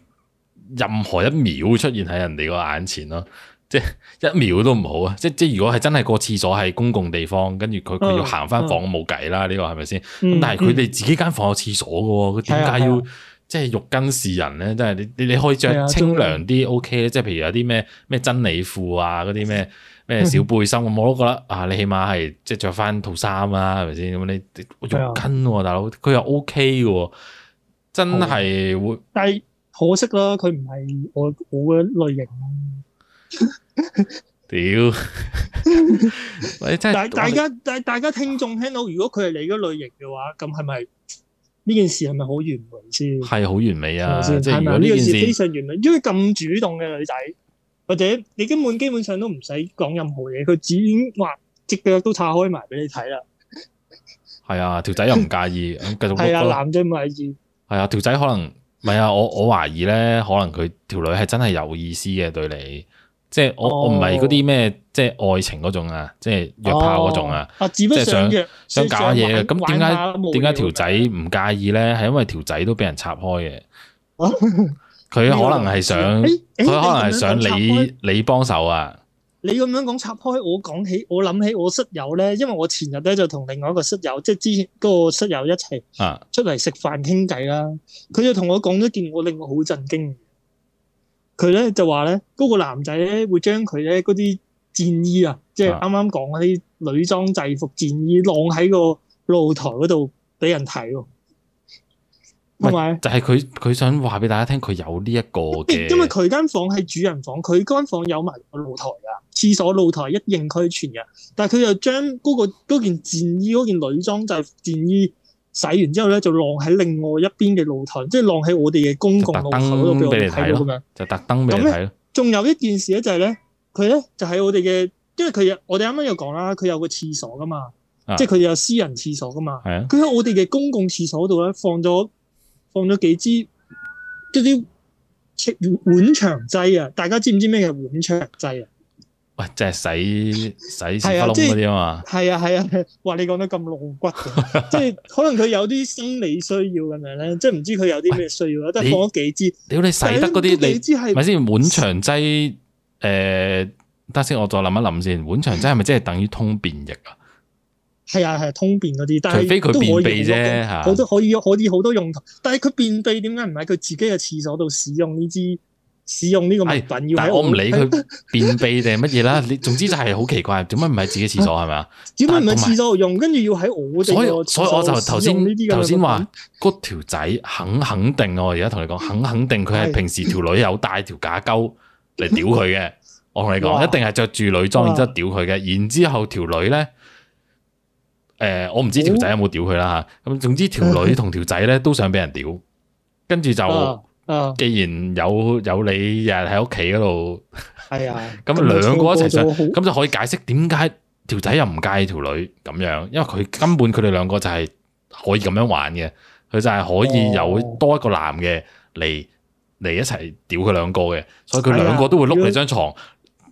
任何一秒出現喺人哋個眼前咯，即係一秒都唔好啊！即即如果係真係個廁所係公共地方，跟住佢佢要行返房冇計啦，呢個係咪先？咁、嗯、但係佢哋自己間房有廁所嘅喎，佢點解要、啊啊、即係浴巾示人咧？即係你你你可以着清涼啲、啊、OK 咧，即係譬如有啲咩咩真理褲啊嗰啲咩。咩小背心，嗯、我我都覺得啊，你起碼係即係着翻套衫啦，係咪先？咁你，你、啊、肉緊、啊，大佬佢又 O K 嘅，真係會。但係可惜啦，佢唔係我我嘅類型。屌！大大家大大家聽眾聽到，如果佢係你嘅類型嘅話，咁係咪呢件事係咪好完美先？係好完美啊！先即係咪呢件事非常完美？因為咁主動嘅女仔。或者你根本基本上都唔使講任何嘢，佢已經話隻腳都拆開埋俾你睇啦。係啊，條仔又唔介意繼 <laughs> 續。係 <laughs> 啊，男仔唔介意。係啊，條仔可能，唔係啊，我我懷疑咧，可能佢條女係真係有意思嘅對你，即、就、係、是、我、哦、我唔係嗰啲咩，即係愛情嗰種啊，即係約炮嗰種啊、哦。啊，基本上想想搞嘢，咁點解點解條仔唔介意咧？係因為條仔都俾人拆開嘅。 <laughs> 佢可能係想，佢、哎、可能係想你、哎、你幫手啊！你咁樣講拆開，我講起，我諗起我室友咧，因為我前日咧就同另外一個室友，即係之前嗰個室友一齊出嚟食飯傾偈啦。佢、啊、就同我講咗件我令我好震驚。佢咧就話咧，嗰、嗰個男仔咧會將佢咧嗰啲戰衣啊，即係啱啱講嗰啲女裝制服戰衣晾喺個露台嗰度俾人睇，哦。唔係，就係佢佢想話俾大家聽，佢有呢一個，因為佢間房係主人房，佢間房有埋個露台啊，廁所露台一應俱全嘅。但係佢又將嗰件戰衣嗰件女裝就戰衣洗完之後咧，就晾喺另外一邊嘅露台，即係晾喺我哋嘅公共露台嗰度俾你睇咁樣，就特登俾你睇咯。仲有一件事咧、就係，就係咧，佢咧就喺我哋嘅，因為佢我哋啱啱又講啦，佢有個廁所噶嘛，即係佢有私人廁所噶嘛，佢喺、啊、我哋嘅公共廁所度咧放咗，放咗幾支即啲碗腸劑啊！大家知唔知咩叫碗腸劑啊？喂，即係洗洗屎窟窿嗰啲啊嘛！係啊，係啊，話、啊啊啊啊、你講得咁露骨， <laughs> 即係可能佢有啲生理需要咁樣咧，即係唔知佢有啲咩需要啊。即係喂放咗幾支，屌你，你，你洗得嗰啲你，知係咪先碗腸劑誒！等先，我再諗一諗先。碗腸劑係咪即係等於通便液啊？係啊，係啊，通便嗰啲，但係除非佢便秘啫，吓，都可以可以好多用途。但係佢便秘點解唔喺佢自己嘅廁所度使用呢支？使用呢個物品？要？但係我唔理佢便秘定係乜嘢啦。你總之就係好奇怪，點解唔喺自己廁所係咪？點解唔喺廁所度用？跟住要喺我所以所以我就頭先頭先話嗰條仔肯肯定我而家同你講，肯肯定佢係平時條女有帶條假鳩嚟屌佢嘅。我同你講，一定係着住女裝然之後屌佢嘅。然之後條女咧。誒，我唔知條仔有冇屌佢啦吓，咁、嗯、總之條女同條仔咧都想俾人屌，跟住就，啊啊、既然有有你日日喺屋企嗰度，係啊、哎呀，咁兩 <laughs> 個一齊上，咁就可以解釋點解條仔又唔介意條女咁樣，因為佢根本佢哋兩個就係可以咁樣玩嘅，佢就係可以有多一個男嘅嚟嚟一齊屌佢兩個嘅，所以佢兩個都會碌你張床。哎呀嗯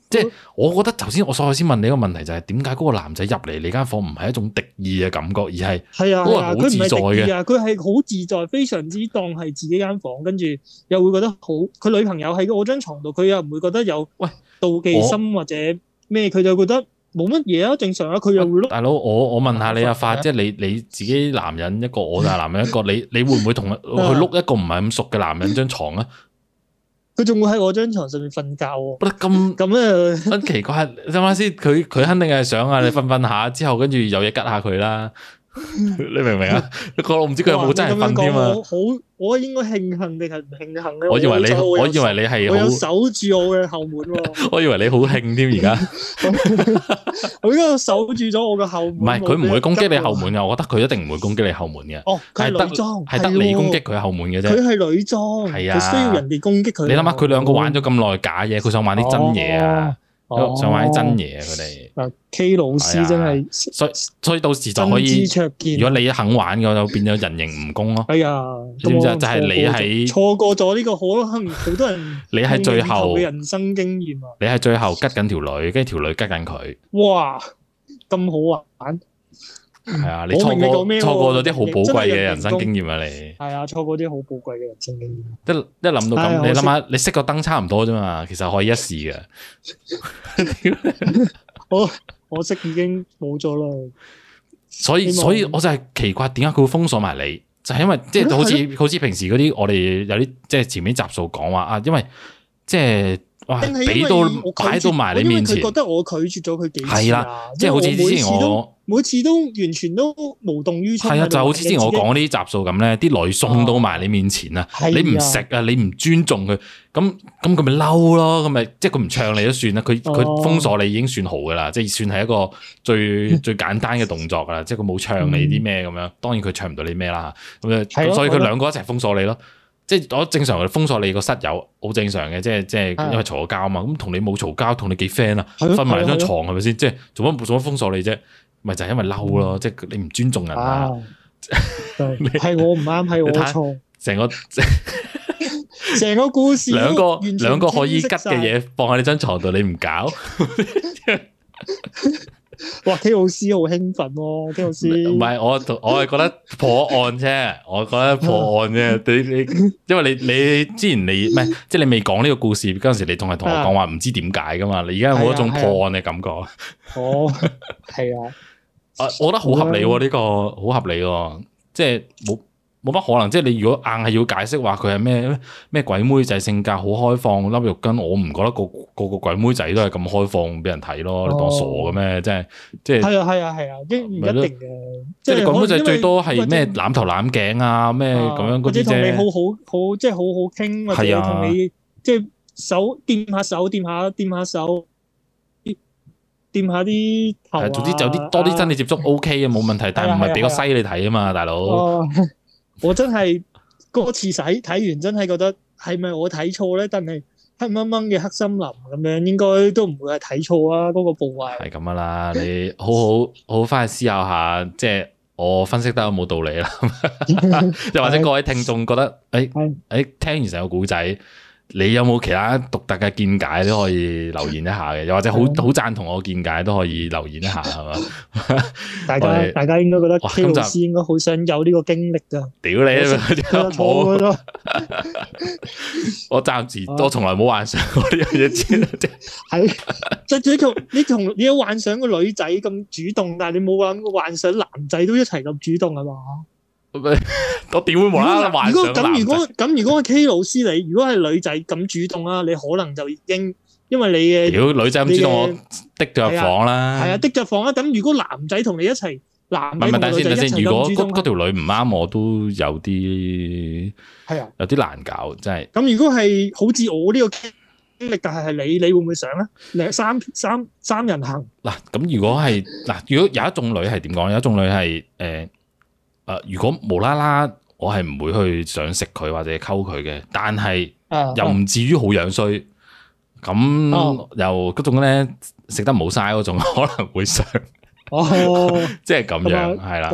即係，我覺得頭先我再先問你一個問題，就係，就係點解嗰個男仔入嚟你間房唔係一種敵意嘅感覺，而係係啊係好自在。嘅、啊，佢係好自在，非常之當係自己間房，跟住又會覺得好，佢女朋友喺我張床度，佢又唔會覺得有喂妒忌心或者咩，佢就覺得冇乜嘢啊，正常啊，佢又會碌。大佬，我我問下你吧阿發，即係你你自己男人一個，我就係男人一個， <laughs> 你你會唔會同佢碌一個唔係咁熟嘅男人張床啊？ <laughs> 佢仲會喺我張牀上邊瞓覺喎，不得咁咁咧，嗯，咁奇怪。諗下先，佢肯定係想啊，你瞓瞓下之後，跟住有嘢拮下佢啦。 <laughs> 你明唔明啊？我唔知佢有冇真係瞓添啊！好，我應該慶幸定係唔慶幸咧？我以為你，我以為你係好守住我嘅後門。我以為你好慶添，而家 <laughs> 我應該守住咗我嘅後門。唔係， <laughs> 佢唔 <laughs> 會攻擊你後門啊。我覺得佢一定唔會攻擊你後門嘅。哦，佢係得裝，係得、哦、你攻擊佢後門嘅啫。佢係女裝，係啊，需要人哋攻擊佢。你諗下，佢兩個玩咗咁耐假嘢，佢想玩啲真嘢啊！哦想玩真嘢啊！佢哋，K 老師真係、哎，所以所以到時就可以。如果你肯玩嘅，就變咗人形蜈蚣咯。 <laughs> 哎呀，知唔知就就係你喺錯過咗呢、 <laughs> 呢個可能好多人。 <laughs> 你喺最後人生經驗啊！你喺最後吉緊條女，跟住條女吉緊佢。哇，咁好啊！係啊，你錯過錯、啊、過咗啲好寶貴嘅人生經驗啊！你係啊，錯過啲好寶貴嘅人生經驗。一一諗到咁，哎、呀你諗下，我你熄個燈差唔多啫嘛，其實可以一試嘅 <laughs> 。我我熄已經冇咗啦。所以希望 所以我就係奇怪，點解佢會封鎖埋你？就係、是、因為即係、就是、好似、啊、好似平時嗰啲，我哋有啲即係前面集數講話啊，因為即係。哇！俾到擺到埋你面前，因為佢覺得我拒絕咗佢幾次啊，即係好似之前我每次都完全都無動於衷。係啊，就好似之前我講呢啲集數咁咧，啲女送到埋你面前啊，你唔食啊，你唔尊重佢，咁咁佢咪嬲咯，咁咪即係佢唔唱你都算啦，佢佢封鎖你已經算好噶啦，即係算係一個最最簡單嘅動作噶啦，即係佢冇唱你啲咩咁樣，當然佢唱唔到你咩啦，咁啊，所以佢兩個一齊封鎖你咯。即係我正常，封鎖你個室友好正常嘅，即係即係因為嘈交啊嘛。咁同你冇嘈交，同你幾 friend 啊，瞓埋的張床係咪先？即係做乜做乜封鎖你啫？咪就係因為嬲咯，即係、嗯、你唔尊重人啊。係 <laughs> 你我唔啱，係我錯。成個成 <laughs> 個故事，兩個兩個可以吉嘅嘢，放喺你張床度，你唔搞。 <laughs> 哇！K 老師好興奮咯、啊，K 老師唔係我，我係覺得破案啫，我覺得破案啫， <laughs> 你你，因為你你之前你唔係，即係你未講呢個故事嗰陣時，你仲係同我講話唔知點解噶嘛，啊、你而家有冇一種破案嘅感覺？啊啊、 <laughs> 哦，係啊，誒、 <laughs> 啊，我覺得好合理喎、啊，呢、啊這個好合理嘅、啊，即係冇。冇乜可能，即係你如果硬係要解釋話佢係咩咩鬼妹仔性格好開放，粒肉筋，我唔覺得個個個鬼妹仔都係咁開放俾人睇咯，你當傻嘅咩、哦啊啊啊？即係即係。係啊係啊係啊，即唔一定嘅。即係你鬼妹仔最多係咩攬頭攬頸啊咩咁樣嗰啲你好好好，即係好好傾，或者同你即係、啊、手掂下手掂下掂下手，掂下啲。係、啊，總之就啲多啲身體接觸 OK 嘅冇問題，但係唔係俾個西你睇啊，啊是是你你嘛，大佬。我真係嗰次使，睇完，真係覺得係咪我睇錯咧？但係黑掹掹嘅黑森林咁樣，應該都唔會係睇錯啊！嗰、嗰個部位係咁噶啦，你好好好翻去思考下，即係我分析得有冇道理啦？又或者各位聽眾覺得，誒誒、 <laughs> 哎哎，聽完成個古仔。你有冇其他獨特嘅見解都可以留言一下嘅，又或者好好贊同我見解都可以留言一下，係嘛？大家 <laughs> 們大家應該覺得 K 老師應該好想有呢個經歷噶。屌你！司我我，我， <laughs> 我暫時都、啊、從來冇幻想過呢樣嘢先，即係你同你同你幻想個女仔咁主動，但係你冇話幻想男仔都一齊咁主動係嘛？我點會無啦啦幻想男？如果咁，如果咁，如果 K 老師你，如果係女仔咁主動啦，你可能就已經因為你嘅如果女仔咁主動，我的咗房啦，係啊的咗房啦。咁如果男仔同你一齊，男唔唔等先等先。如果嗰嗰條女唔啱，我都有啲係啊，有啲難搞，真係。咁如果係好似我呢個經歷，但係係你，你會唔會想咧？兩三三三人行嗱，咁如果係嗱，如果有一種女係點講？有一種女係誒。誒，如果無啦啦，我係唔會去想食佢或者溝佢嘅，但係又唔至於好樣衰，咁又嗰種咧食得冇晒嗰種可能會想，哦，即係咁樣係啦，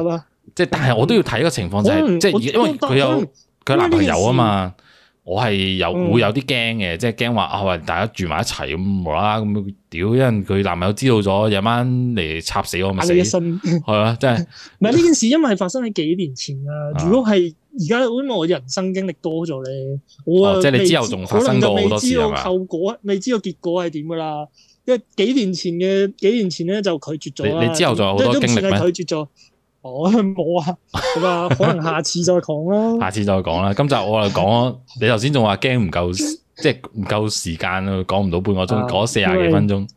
即係嗎但係我都要睇一個情況就係、是，即係不因為佢有佢男朋友啊嘛。我係有、嗯、會有啲驚嘅，即係驚話啊大家住埋一齊咁無啦咁屌，因為佢男朋友知道咗，夜晚嚟插死我咪死心。係啊，真係。唔係呢件事，因為係發生喺幾年前啊。如果係而家，因為我人生經歷多咗咧、啊哦，即係你之後仲發生過好多事啊可能就未知個後果，未、啊、知個結果係點㗎啦？因為幾年前嘅幾年前咧就拒絕咗你，你之後仲有好多經歷咩，即係都已經拒絕咗。哦，冇啊，咁啊，可能下次再講啦。下次再講啦。今集我就講咯。你頭先仲話驚唔夠，即係唔夠時間，講唔到半個鐘，講咗四廿幾分鐘。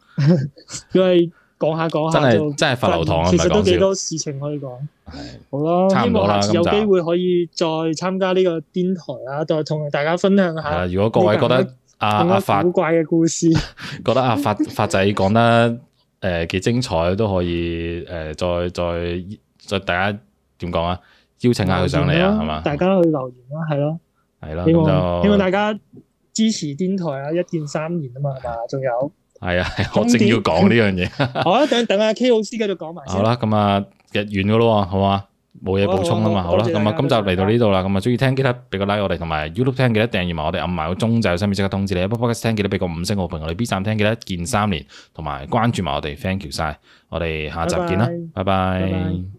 因為講下講下就真係真係罰留堂啊！唔係講笑。其實都幾多事情可以講。係好啦，希望下次有機會可以再參加呢個電台啦，同大家分享下。如果各位覺得啊發古怪嘅故事，覺得啊發發仔講得誒幾精彩，都可以誒再再。就大家點講啊？邀請下佢上嚟啊，係嘛？大家去留言啦，係咯，係咯，希望大家支持電台啊，一鍵三連啊嘛，係嘛？仲有係啊，我正要講呢樣嘢。好啊，等等啊，K 老師繼續講埋先。好啦，咁啊日完噶咯，好嘛？冇嘢補充啊嘛，好啦，咁啊今集嚟到呢度啦。咁啊，鍾意聽記得俾個 like 我哋，同埋 YouTube 聽記得訂閱埋我哋，暗埋個鐘就有新面即刻通知你。Facebook 聽記得俾個五星好評我哋，B 站聽記得一鍵三連，同埋關注埋我哋，thank you 晒！我哋下集見啦，拜拜。